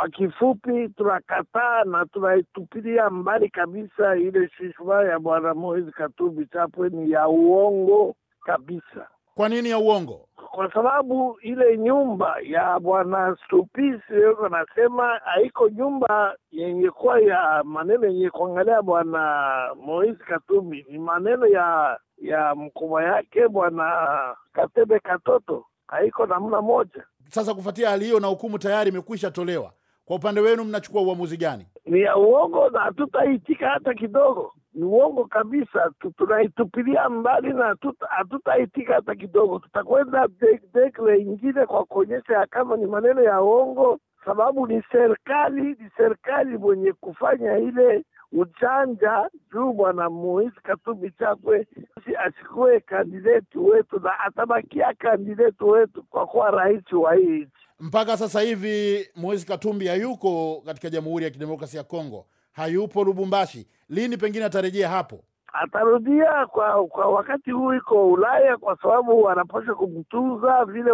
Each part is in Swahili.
Kwa kifupi, tunakataa na tunaitupilia mbali kabisa ile shishma ya bwana Moise Katumbi Chapwe ni ya uongo kabisa. Kwa nini ya uongo? Kwa sababu ile nyumba ya bwana Stupisi anasema haiko nyumba yenye kuwa ya maneno yenye kuangalia bwana Moise Katumbi, ni maneno ya ya mkubwa yake bwana Katebe Katoto, haiko namna moja. Sasa kufuatia hali hiyo na hukumu tayari imekwisha tolewa, kwa upande wenu mnachukua uamuzi gani? Ni ya uongo na hatutaitika hata kidogo. Ni uongo kabisa, tunaitupilia mbali na hatutaitika hata kidogo. Tutakwenda dekle ingine kwa kuonyesha kama ni maneno ya uongo, sababu ni serikali, ni serikali mwenye kufanya ile ujanja juu bwana Moise Katumbi Chapwe asikuwe kandideti wetu na atabakia kandideti wetu kwa kuwa rais wa hii nchi. Mpaka sasa hivi Moise Katumbi hayuko katika Jamhuri ya Kidemokrasia ya Kongo, hayupo Lubumbashi. Lini pengine atarejea hapo? Atarudia kwa kwa wakati huu iko Ulaya, kwa sababu wanapasha kumtunza vile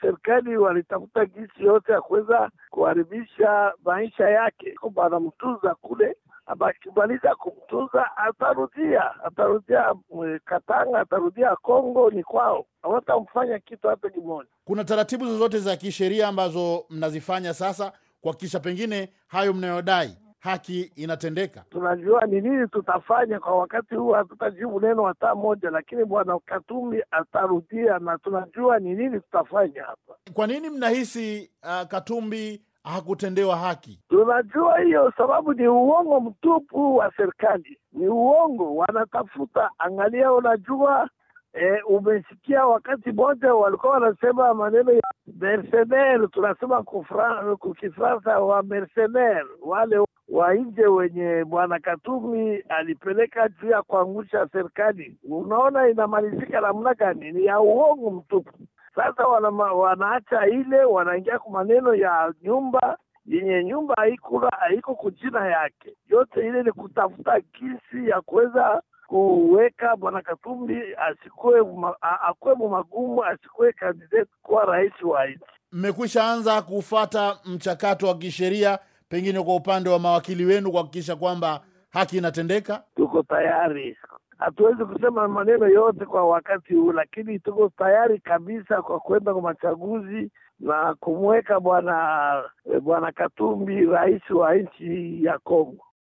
serikali walitafuta gisi yote ya kuweza kuharibisha maisha yake, anamtunza kule akimaliza kumtuza atarudia, atarudia eh, Katanga, atarudia Kongo, ni kwao, hawatamfanya kitu hata kimoja. Kuna taratibu zozote za kisheria ambazo mnazifanya sasa kuhakikisha pengine hayo mnayodai haki inatendeka. Tunajua ni nini tutafanya kwa wakati huu, hatutajibu neno hata moja, lakini bwana Katumbi atarudia na tunajua ni nini tutafanya hapa. Kwa nini mnahisi uh, Katumbi hakutendewa haki. Tunajua hiyo sababu ni uongo mtupu wa serikali, ni uongo wanatafuta. Angalia, unajua E, umesikia wakati moja walikuwa wanasema maneno ya mercenaire, tunasema kukifransa wa mercenaire, wale wa nje wenye bwana Katumi alipeleka juu ya kuangusha serikali. Unaona inamalizika namna gani? Ni ya uongo mtupu. Sasa wanama, wanaacha ile wanaingia kwa maneno ya nyumba yenye nyumba haikula haiko kujina yake, yote ile ni kutafuta kisi ya kuweza kuweka Bwana Katumbi asikuwe akuwe mumagumu, asikuwe kandidati kuwa rais wa nchi. Mmekwisha anza kufata mchakato wa kisheria, pengine kwa upande wa mawakili wenu kuhakikisha kwamba haki inatendeka? Tuko tayari hatuwezi kusema maneno yote kwa wakati huu, lakini tuko tayari kabisa kwa kwenda kwa machaguzi na kumweka bwana eh, bwana Katumbi rais wa nchi ya Kongo.